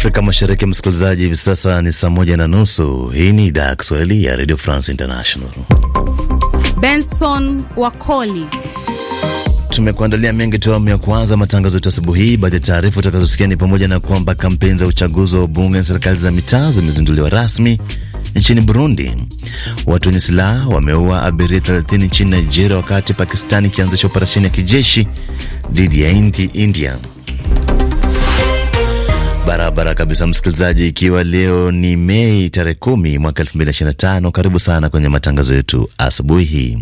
Afrika Mashariki, msikilizaji, hivi sasa ni saa moja na nusu. Hii ni idhaa ya Kiswahili ya Radio France International. Benson Wakoli tumekuandalia mengi tu awamu ya kwanza matangazo yetu asubuhi hii. Baadhi ya taarifa utakazosikia ni pamoja na kwamba kampeni za uchaguzi wa bunge na serikali za mitaa zimezinduliwa rasmi nchini Burundi, watu wenye silaha wameua abiria 30 nchini Nigeria, wakati Pakistani ikianzisha operesheni ya kijeshi dhidi ya India. Barabara kabisa, msikilizaji, ikiwa leo ni Mei tarehe kumi mwaka elfu mbili ishirini na tano. Karibu sana kwenye matangazo yetu asubuhi hii.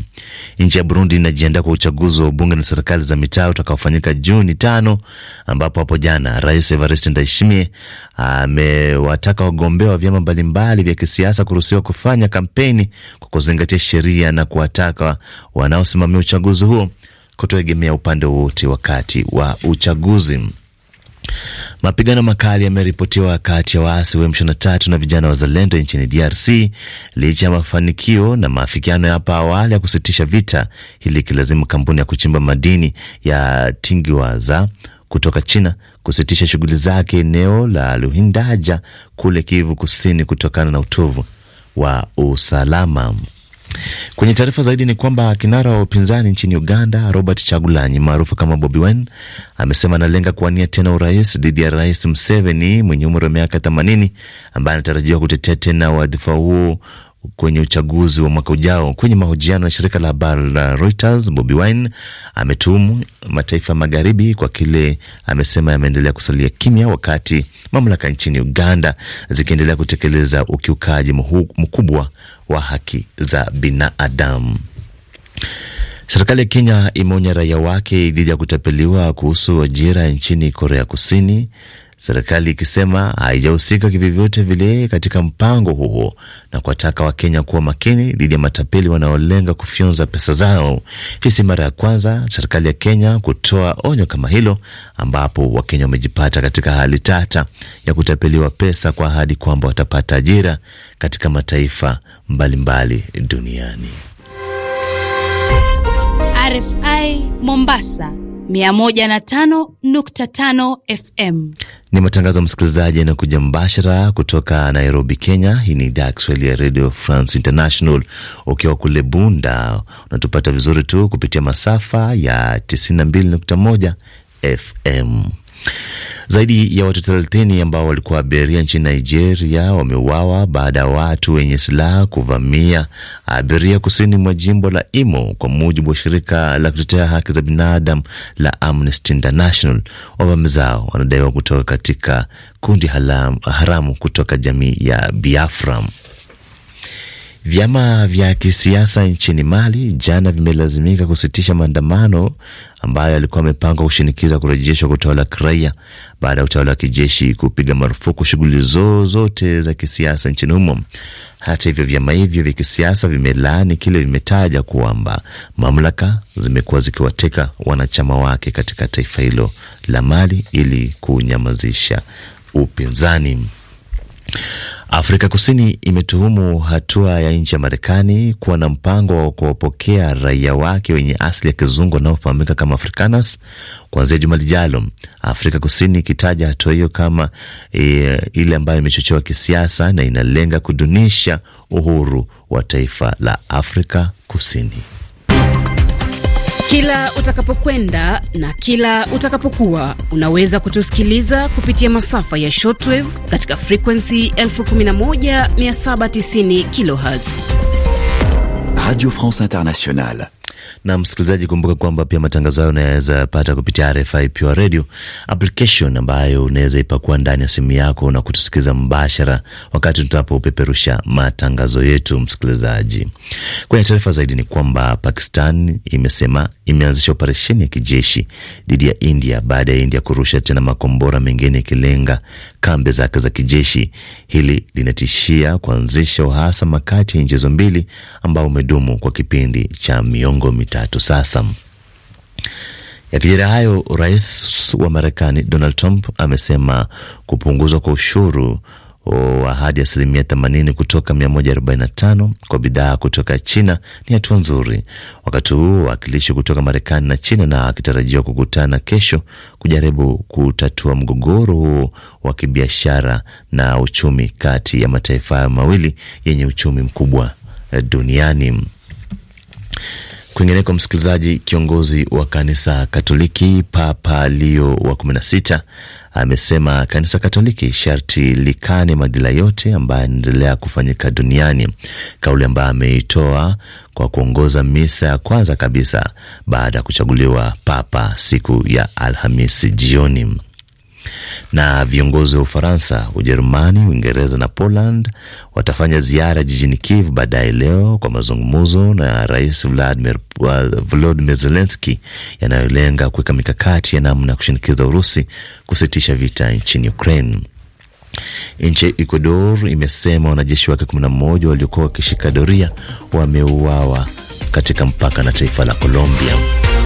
Nchi ya Burundi inajiandaa kwa uchaguzi wa ubunge na serikali za mitaa utakaofanyika Juni tano, ambapo hapo jana Rais Evariste Ndayishimiye amewataka wagombea wa vyama mbalimbali vya kisiasa kuruhusiwa kufanya kampeni kwa kuzingatia sheria na kuwataka wanaosimamia uchaguzi huo kutoegemea upande wowote wakati wa uchaguzi. Mapigano makali yameripotiwa kati ya waasi wa M23 na vijana wazalendo nchini DRC licha ya mafanikio na maafikiano ya hapa awali ya kusitisha vita, hili ikilazimu kampuni ya kuchimba madini ya Tingiwaza kutoka China kusitisha shughuli zake eneo la Luhindaja kule Kivu Kusini kutokana na utovu wa usalama. Kwenye taarifa zaidi ni kwamba kinara wa upinzani nchini Uganda, Robert Chagulanyi maarufu kama Bobi Wine, amesema analenga kuwania tena urais dhidi ya Rais Museveni mwenye umri wa miaka 80 ambaye anatarajiwa kutetea tena wadhifa huo kwenye uchaguzi wa mwaka ujao. Kwenye mahojiano ya shirika la habari la Reuters, Bobi Wine ametuhumu mataifa magharibi kwa kile amesema yameendelea kusalia kimya, wakati mamlaka nchini Uganda zikiendelea kutekeleza ukiukaji mkubwa wa haki za binadamu. Serikali ya Kenya imeonya raia wake dhidi ya kutapeliwa kuhusu ajira nchini Korea Kusini serikali ikisema haijahusika kivyovyote vile katika mpango huo na kuwataka Wakenya kuwa makini dhidi ya matapeli wanaolenga kufyonza pesa zao. Hii si mara ya kwanza serikali ya Kenya kutoa onyo kama hilo, ambapo Wakenya wamejipata katika hali tata ya kutapeliwa pesa kwa ahadi kwamba watapata ajira katika mataifa mbalimbali mbali duniani. RFI Mombasa 105.5 FM. Ni matangazo ya msikilizaji yanayokuja mbashara kutoka Nairobi, Kenya. Hii ni idhaa ya Kiswahili ya Radio France International. Ukiwa kule Bunda unatupata vizuri tu kupitia masafa ya 92.1 FM. Zaidi ya watu thelathini ambao walikuwa abiria nchini Nigeria wameuawa baada ya watu wenye silaha kuvamia abiria kusini mwa jimbo la Imo, kwa mujibu wa shirika la kutetea haki za binadamu la Amnesty International. Wavamizao wanadaiwa kutoka katika kundi haramu kutoka jamii ya biafram Vyama vya kisiasa nchini Mali jana vimelazimika kusitisha maandamano ambayo yalikuwa yamepangwa kushinikiza kurejeshwa kwa utawala wa kiraia baada ya utawala wa kijeshi kupiga marufuku shughuli zozote za kisiasa nchini humo. Hata hivyo, vyama hivyo vya kisiasa vimelaani kile vimetaja kwamba mamlaka zimekuwa zikiwateka wanachama wake katika taifa hilo la Mali ili kunyamazisha upinzani. Afrika Kusini imetuhumu hatua ya nchi ya Marekani kuwa na mpango wa kuwapokea raia wake wenye asili ya kizungu wanaofahamika kama Afrikaners kuanzia juma lijalo, Afrika Kusini ikitaja hatua hiyo kama e, ile ambayo imechochewa kisiasa na inalenga kudunisha uhuru wa taifa la Afrika Kusini. Kila utakapokwenda na kila utakapokuwa unaweza kutusikiliza kupitia masafa ya shortwave katika frequency 11790 kilohertz. Radio France Internationale. Na msikilizaji, kumbuka kwamba pia matangazo hayo unaweza pata kupitia RFI Pure Radio application ambayo unaweza ipakua ndani ya simu yako na kutusikiza mbashara wakati tunapopeperusha matangazo yetu. Msikilizaji, kwenye taarifa zaidi ni kwamba Pakistan imesema imeanzisha operesheni ya kijeshi dhidi ya India baada ya India kurusha tena makombora mengine ikilenga kambi zake za kijeshi. Hili linatishia kuanzisha uhasama kati ya nchi hizo mbili ambao umedumu kwa kipindi cha miongo miongo mitatu sasa. Yakijira hayo, rais wa Marekani Donald Trump amesema kupunguzwa kwa ushuru wa hadi asilimia 80 kutoka 145 kwa bidhaa kutoka China ni hatua nzuri, wakati huu wawakilishi kutoka Marekani na China na akitarajiwa kukutana kesho kujaribu kutatua mgogoro huo wa kibiashara na uchumi kati ya mataifa hayo mawili yenye uchumi mkubwa eh, duniani. Kwingineko msikilizaji, kiongozi wa kanisa Katoliki Papa Leo wa 16 amesema kanisa Katoliki sharti likane madhila yote ambayo yanaendelea kufanyika duniani, kauli ambayo ameitoa kwa kuongoza misa ya kwanza kabisa baada ya kuchaguliwa papa siku ya Alhamisi jioni. Na viongozi wa Ufaransa, Ujerumani, Uingereza na Poland watafanya ziara jijini Kiev baadaye leo kwa mazungumzo na Rais Vladimir, Volodymyr Zelenski yanayolenga kuweka mikakati ya namna ya kushinikiza Urusi kusitisha vita nchini Ukraine. Nchi ya Ecuador imesema wanajeshi wake 11 waliokuwa wakishika doria wameuawa katika mpaka na taifa la Colombia.